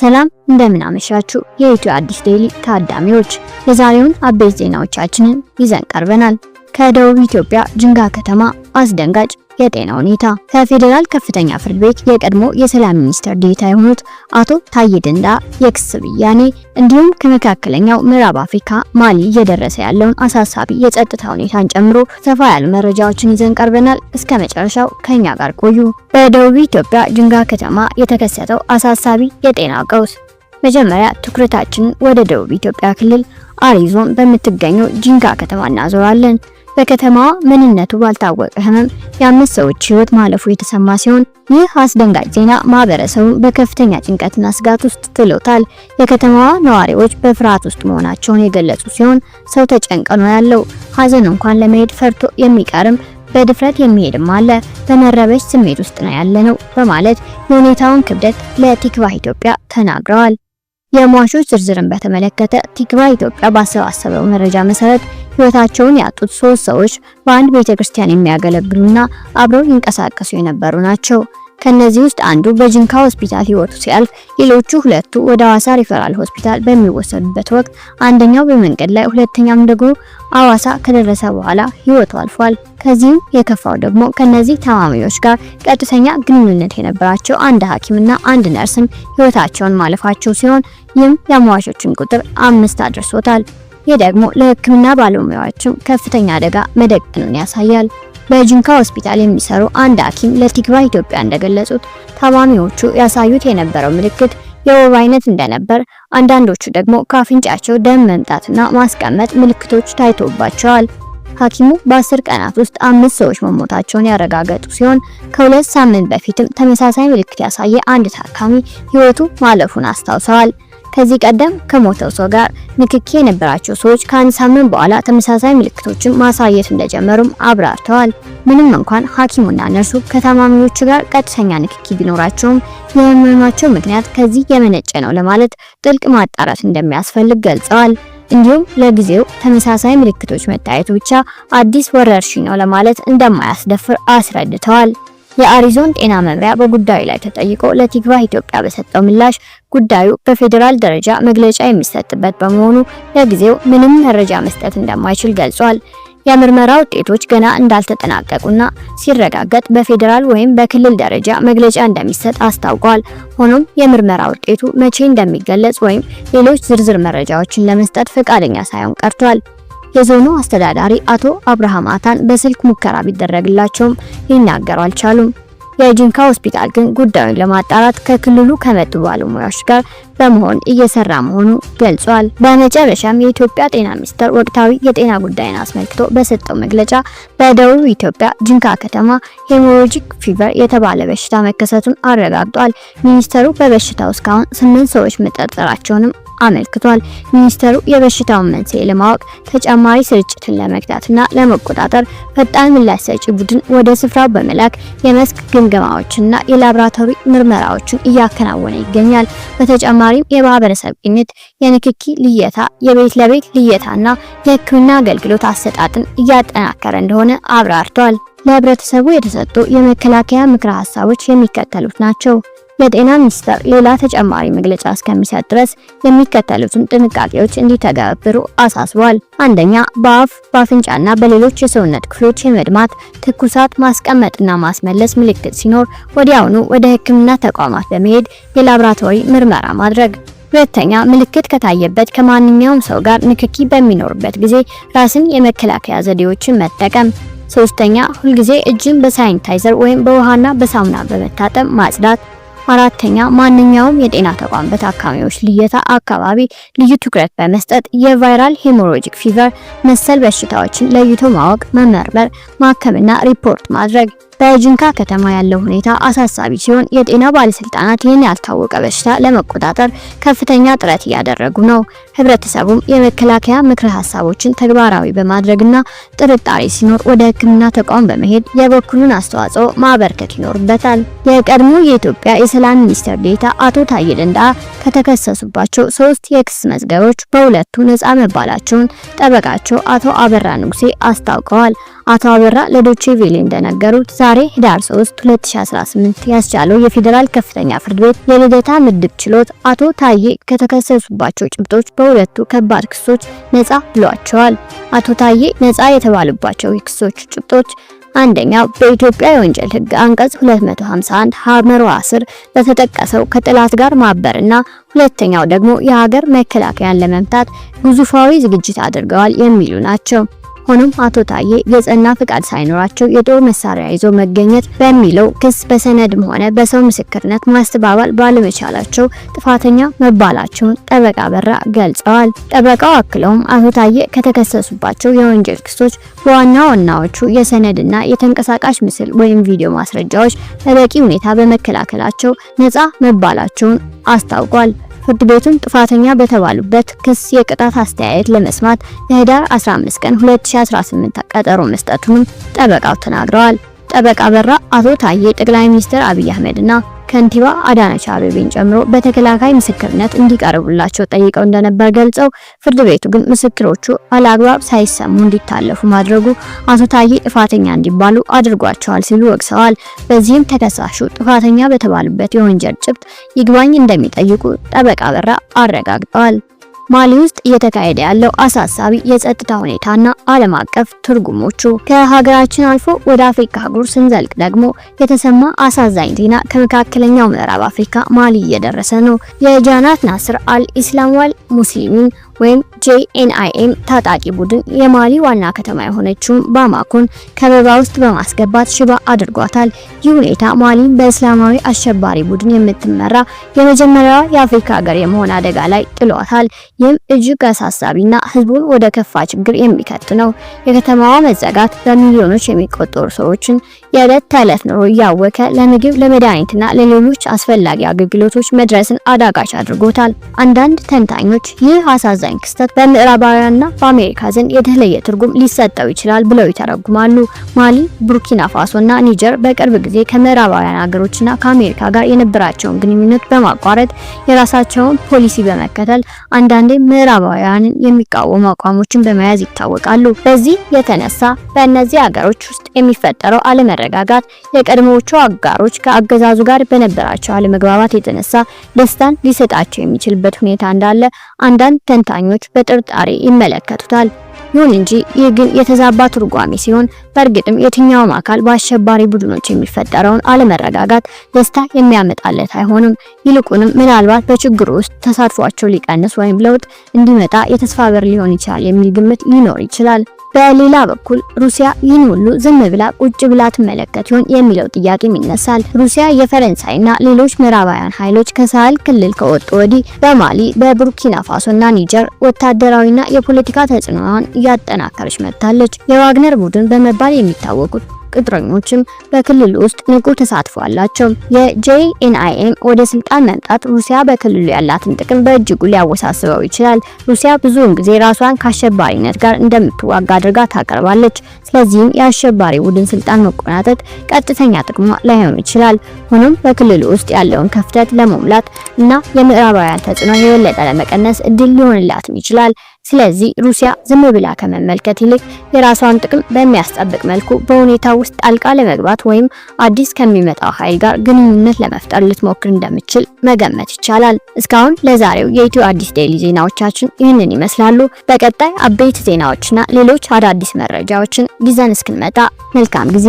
ሰላም እንደምን አመሻችሁ የኢትዮ አዲስ ዴይሊ ታዳሚዎች፣ የዛሬውን አበይት ዜናዎቻችንን ይዘን ቀርበናል። ከደቡብ ኢትዮጵያ ጅንጋ ከተማ አስደንጋጭ የጤና ሁኔታ ከፌዴራል ከፍተኛ ፍርድ ቤት የቀድሞ የሰላም ሚኒስትር ዴታ የሆኑት አቶ ታዬ ደንዳ የክስ ብያኔ እንዲሁም ከመካከለኛው ምዕራብ አፍሪካ ማሊ እየደረሰ ያለውን አሳሳቢ የጸጥታ ሁኔታን ጨምሮ ሰፋ ያሉ መረጃዎችን ይዘን ቀርበናል። እስከ መጨረሻው ከኛ ጋር ቆዩ። በደቡብ ኢትዮጵያ ጅንጋ ከተማ የተከሰተው አሳሳቢ የጤና ቀውስ መጀመሪያ ትኩረታችንን ወደ ደቡብ ኢትዮጵያ ክልል አሪ ዞን በምትገኘው ጅንጋ ከተማ እናዞራለን። በከተማዋ ምንነቱ ባልታወቀ ህመም የአምስት ሰዎች ህይወት ማለፉ የተሰማ ሲሆን ይህ አስደንጋጭ ዜና ማህበረሰቡን በከፍተኛ ጭንቀትና ስጋት ውስጥ ጥሎታል። የከተማዋ ነዋሪዎች በፍርሃት ውስጥ መሆናቸውን የገለጹ ሲሆን ሰው ተጨንቀኖ ያለው ሀዘን እንኳን ለመሄድ ፈርቶ የሚቀርም በድፍረት የሚሄድም አለ። በመረበሽ ስሜት ውስጥ ነው ያለ ነው በማለት የሁኔታውን ክብደት ለቲክቫ ኢትዮጵያ ተናግረዋል። የሟቾች ዝርዝርን በተመለከተ ቲክቫ ኢትዮጵያ ባሰባሰበው መረጃ መሰረት ህይወታቸውን ያጡት ሶስት ሰዎች በአንድ ቤተክርስቲያን የሚያገለግሉና አብረው ይንቀሳቀሱ የነበሩ ናቸው። ከነዚህ ውስጥ አንዱ በጅንካ ሆስፒታል ህይወቱ ሲያልፍ ሌሎቹ ሁለቱ ወደ አዋሳ ሪፈራል ሆስፒታል በሚወሰዱበት ወቅት አንደኛው በመንገድ ላይ ሁለተኛም ደግሞ አዋሳ ከደረሰ በኋላ ህይወቱ አልፏል። ከዚህም የከፋው ደግሞ ከነዚህ ታማሚዎች ጋር ቀጥተኛ ግንኙነት የነበራቸው አንድ ሐኪምና አንድ ነርስም ህይወታቸውን ማለፋቸው ሲሆን ይህም የሟቾችን ቁጥር አምስት አድርሶታል። ይህ ደግሞ ለህክምና ባለሙያዎችም ከፍተኛ አደጋ መደቀኑን ያሳያል። በጅንካ ሆስፒታል የሚሰሩ አንድ ሐኪም ለቲክባ ኢትዮጵያ እንደገለጹት ታማሚዎቹ ያሳዩት የነበረው ምልክት የወባ አይነት እንደነበር፣ አንዳንዶቹ ደግሞ ከአፍንጫቸው ደም መምጣትና ማስቀመጥ ምልክቶች ታይቶባቸዋል። ሐኪሙ በአስር ቀናት ውስጥ አምስት ሰዎች መሞታቸውን ያረጋገጡ ሲሆን ከሁለት ሳምንት በፊትም ተመሳሳይ ምልክት ያሳየ አንድ ታካሚ ህይወቱ ማለፉን አስታውሰዋል። ከዚህ ቀደም ከሞተው ሰው ጋር ንክኪ የነበራቸው ሰዎች ከአንድ ሳምንት በኋላ ተመሳሳይ ምልክቶችን ማሳየት እንደጀመሩም አብራርተዋል። ምንም እንኳን ሐኪሙና ነርሱ ከታማሚዎቹ ጋር ቀጥተኛ ንክኪ ቢኖራቸውም የህመማቸው ምክንያት ከዚህ የመነጨ ነው ለማለት ጥልቅ ማጣራት እንደሚያስፈልግ ገልጸዋል። እንዲሁም ለጊዜው ተመሳሳይ ምልክቶች መታየቱ ብቻ አዲስ ወረርሽኝ ነው ለማለት እንደማያስደፍር አስረድተዋል። የአሪዞን ጤና መምሪያ በጉዳዩ ላይ ተጠይቆ ለቲግባ ኢትዮጵያ በሰጠው ምላሽ ጉዳዩ በፌዴራል ደረጃ መግለጫ የሚሰጥበት በመሆኑ ለጊዜው ምንም መረጃ መስጠት እንደማይችል ገልጿል። የምርመራ ውጤቶች ገና እንዳልተጠናቀቁና ሲረጋገጥ በፌዴራል ወይም በክልል ደረጃ መግለጫ እንደሚሰጥ አስታውቋል። ሆኖም የምርመራ ውጤቱ መቼ እንደሚገለጽ ወይም ሌሎች ዝርዝር መረጃዎችን ለመስጠት ፈቃደኛ ሳይሆን ቀርቷል። የዞኑ አስተዳዳሪ አቶ አብርሃም አታን በስልክ ሙከራ ቢደረግላቸውም ሊናገሩ አልቻሉም። የጂንካ ሆስፒታል ግን ጉዳዩን ለማጣራት ከክልሉ ከመጡ ባለሙያዎች ጋር በመሆን እየሰራ መሆኑ ገልጿል። በመጨረሻም የኢትዮጵያ ጤና ሚኒስቴር ወቅታዊ የጤና ጉዳይን አስመልክቶ በሰጠው መግለጫ በደቡብ ኢትዮጵያ ጂንካ ከተማ ሄሞሮጂክ ፊቨር የተባለ በሽታ መከሰቱን አረጋግጧል። ሚኒስተሩ በበሽታው እስካሁን ስምንት ሰዎች መጠርጠራቸውንም አመልክቷል። ሚኒስተሩ የበሽታውን መንስኤ ለማወቅ ተጨማሪ ስርጭትን ለመግታትና ለመቆጣጠር ፈጣን ምላሽ ሰጪ ቡድን ወደ ስፍራው በመላክ የመስክ ግምገማዎችና የላብራቶሪ ምርመራዎችን እያከናወነ ይገኛል። በተጨማሪም የማህበረሰብ ቅኝት የንክኪ ልየታ፣ የቤት ለቤት ልየታና የሕክምና አገልግሎት አሰጣጥን እያጠናከረ እንደሆነ አብራርቷል። ለህብረተሰቡ የተሰጡ የመከላከያ ምክረ ሀሳቦች የሚከተሉት ናቸው። የጤና ሚኒስቴር ሌላ ተጨማሪ መግለጫ እስከሚሰጥ ድረስ የሚከተሉትን ጥንቃቄዎች እንዲተገብሩ አሳስቧል። አንደኛ፣ በአፍ በአፍንጫና በሌሎች የሰውነት ክፍሎች የመድማት ትኩሳት፣ ማስቀመጥና ማስመለስ ምልክት ሲኖር ወዲያውኑ ወደ ሕክምና ተቋማት በመሄድ የላብራቶሪ ምርመራ ማድረግ። ሁለተኛ፣ ምልክት ከታየበት ከማንኛውም ሰው ጋር ንክኪ በሚኖርበት ጊዜ ራስን የመከላከያ ዘዴዎችን መጠቀም። ሶስተኛ፣ ሁልጊዜ እጅን በሳይንታይዘር ወይም በውሃና በሳሙና በመታጠብ ማጽዳት። አራተኛ ማንኛውም የጤና ተቋም በታካሚዎች ልየታ አካባቢ ልዩ ትኩረት በመስጠት የቫይራል ሄሞሮጂክ ፊቨር መሰል በሽታዎችን ለይቶ ማወቅ፣ መመርመር፣ ማከምና ሪፖርት ማድረግ በጅንካ ከተማ ያለው ሁኔታ አሳሳቢ ሲሆን የጤና ባለስልጣናት ይህን ያልታወቀ በሽታ ለመቆጣጠር ከፍተኛ ጥረት እያደረጉ ነው። ህብረተሰቡም የመከላከያ ምክረ ሀሳቦችን ተግባራዊ በማድረግና ጥርጣሬ ሲኖር ወደ ሕክምና ተቋም በመሄድ የበኩሉን አስተዋጽኦ ማበርከት ይኖርበታል። የቀድሞ የኢትዮጵያ የሰላም ሚኒስትር ዴታ አቶ ታዬ ደንደአ ከተከሰሱባቸው ሶስት የክስ መዝገቦች በሁለቱ ነጻ መባላቸውን ጠበቃቸው አቶ አበራ ንጉሴ አስታውቀዋል። አቶ አበራ ለዶቼ ቬሌ እንደነገሩት ዛሬ ህዳር 3 2018 ያስቻለው የፌዴራል ከፍተኛ ፍርድ ቤት የልደታ ምድብ ችሎት አቶ ታዬ ከተከሰሱባቸው ጭብጦች በሁለቱ ከባድ ክሶች ነጻ ብሏቸዋል። አቶ ታዬ ነጻ የተባሉባቸው የክሶች ጭብጦች አንደኛው በኢትዮጵያ የወንጀል ህግ አንቀጽ 251 ሀመርዋ 10 በተጠቀሰው ከጥላት ጋር ማበርና ሁለተኛው ደግሞ የሀገር መከላከያን ለመምታት ግዙፋዊ ዝግጅት አድርገዋል የሚሉ ናቸው። ሆኖም አቶ ታዬ የጸና ፍቃድ ሳይኖራቸው የጦር መሳሪያ ይዞ መገኘት በሚለው ክስ በሰነድም ሆነ በሰው ምስክርነት ማስተባባል ባለመቻላቸው ጥፋተኛ መባላቸውን ጠበቃ በራ ገልጸዋል። ጠበቃው አክለውም አቶ ታዬ ከተከሰሱባቸው የወንጀል ክሶች በዋና ዋናዎቹ የሰነድና የተንቀሳቃሽ ምስል ወይም ቪዲዮ ማስረጃዎች በበቂ ሁኔታ በመከላከላቸው ነፃ መባላቸውን አስታውቋል። ፍርድ ቤቱም ጥፋተኛ በተባሉበት ክስ የቅጣት አስተያየት ለመስማት ለህዳር 15 ቀን 2018 ቀጠሮ መስጠቱንም ጠበቃው ተናግረዋል። ጠበቃ በራ አቶ ታዬ ጠቅላይ ሚኒስትር አብይ አህመድና ከንቲባ አዳነች አቤቤን ጨምሮ በተከላካይ ምስክርነት እንዲቀርቡላቸው ጠይቀው እንደነበር ገልጸው ፍርድ ቤቱ ግን ምስክሮቹ አላግባብ ሳይሰሙ እንዲታለፉ ማድረጉ አቶ ታዬ ጥፋተኛ እንዲባሉ አድርጓቸዋል ሲሉ ወቅሰዋል። በዚህም ተከሳሹ ጥፋተኛ በተባሉበት የወንጀል ጭብጥ ይግባኝ እንደሚጠይቁ ጠበቃ በራ አረጋግጠዋል። ማሊ ውስጥ እየተካሄደ ያለው አሳሳቢ የጸጥታ ሁኔታና ዓለም አቀፍ ትርጉሞቹ። ከሀገራችን አልፎ ወደ አፍሪካ አህጉር ስንዘልቅ ደግሞ የተሰማ አሳዛኝ ዜና ከመካከለኛው ምዕራብ አፍሪካ ማሊ እየደረሰ ነው። የጃናት ናስር አልኢስላም ዋል ሙስሊሚን ወይም ጄኤንአይኤም ታጣቂ ቡድን የማሊ ዋና ከተማ የሆነችውን ባማኮን ከበባ ውስጥ በማስገባት ሽባ አድርጓታል። ይህ ሁኔታ ማሊ በእስላማዊ አሸባሪ ቡድን የምትመራ የመጀመሪያ የአፍሪካ ሀገር የመሆን አደጋ ላይ ጥሏታል። ይህም እጅግ አሳሳቢና ህዝቡን ወደ ከፋ ችግር የሚከት ነው። የከተማዋ መዘጋት በሚሊዮኖች የሚቆጠሩ ሰዎችን የዕለት ተዕለት ኑሮ እያወከ ለምግብ ለመድኃኒትና ለሌሎች አስፈላጊ አገልግሎቶች መድረስን አዳጋች አድርጎታል። አንዳንድ ተንታኞች ይህ አሳዛኝ አሳዛኝ ክስተት በምዕራባውያንና በአሜሪካ ዘንድ የተለየ ትርጉም ሊሰጠው ይችላል ብለው ይተረጉማሉ። ማሊ፣ ቡርኪና ፋሶና ኒጀር በቅርብ ጊዜ ከምዕራባውያን ሀገሮችና ከአሜሪካ ጋር የነበራቸውን ግንኙነት በማቋረጥ የራሳቸውን ፖሊሲ በመከተል አንዳንዴ ምዕራባውያንን የሚቃወሙ አቋሞችን በመያዝ ይታወቃሉ። በዚህ የተነሳ በእነዚህ ሀገሮች ውስጥ የሚፈጠረው አለመረጋጋት የቀድሞዎቹ አጋሮች ከአገዛዙ ጋር በነበራቸው አለመግባባት የተነሳ ደስታን ሊሰጣቸው የሚችልበት ሁኔታ እንዳለ አንዳንድ ተንታ ተንታኞች በጥርጣሬ ይመለከቱታል። ይሁን እንጂ ይህ ግን የተዛባ ትርጓሜ ሲሆን በእርግጥም የትኛውም አካል በአሸባሪ ቡድኖች የሚፈጠረውን አለመረጋጋት ደስታ የሚያመጣለት አይሆንም። ይልቁንም ምናልባት በችግሩ ውስጥ ተሳትፏቸው ሊቀንስ ወይም ለውጥ እንዲመጣ የተስፋ በር ሊሆን ይችላል የሚል ግምት ሊኖር ይችላል። በሌላ በኩል ሩሲያ ይህን ሁሉ ዝም ብላ ቁጭ ብላ ትመለከት ይሆን የሚለው ጥያቄም ይነሳል። ሩሲያ የፈረንሳይና ሌሎች ምዕራባውያን ኃይሎች ከሳህል ክልል ከወጡ ወዲህ በማሊ በቡርኪና ፋሶና ኒጀር ወታደራዊና የፖለቲካ ተጽዕኖዋን እያጠናከረች መጥታለች። የዋግነር ቡድን በመባል የሚታወቁት ቅጥረኞችም በክልሉ ውስጥ ንቁ ተሳትፎ አላቸው። የጄኤንአይኤም ወደ ስልጣን መምጣት ሩሲያ በክልሉ ያላትን ጥቅም በእጅጉ ሊያወሳስበው ይችላል። ሩሲያ ብዙውን ጊዜ ራሷን ከአሸባሪነት ጋር እንደምትዋጋ አድርጋ ታቀርባለች። ስለዚህም የአሸባሪ ቡድን ስልጣን መቆናጠጥ ቀጥተኛ ጥቅሟ ላይሆን ይችላል። ሆኖም በክልሉ ውስጥ ያለውን ከፍተት ለመሙላት እና የምዕራባውያን ተጽዕኖ የበለጠ ለመቀነስ እድል ሊሆንላትም ይችላል። ስለዚህ ሩሲያ ዝም ብላ ከመመልከት ይልቅ የራሷን ጥቅም በሚያስጠብቅ መልኩ በሁኔታ ውስጥ ጣልቃ ለመግባት ወይም አዲስ ከሚመጣው ኃይል ጋር ግንኙነት ለመፍጠር ልትሞክር እንደምትችል መገመት ይቻላል። እስካሁን ለዛሬው የኢትዮ አዲስ ዴይሊ ዜናዎቻችን ይህንን ይመስላሉ። በቀጣይ አበይት ዜናዎችና ሌሎች አዳዲስ መረጃዎችን ይዘን እስክንመጣ መልካም ጊዜ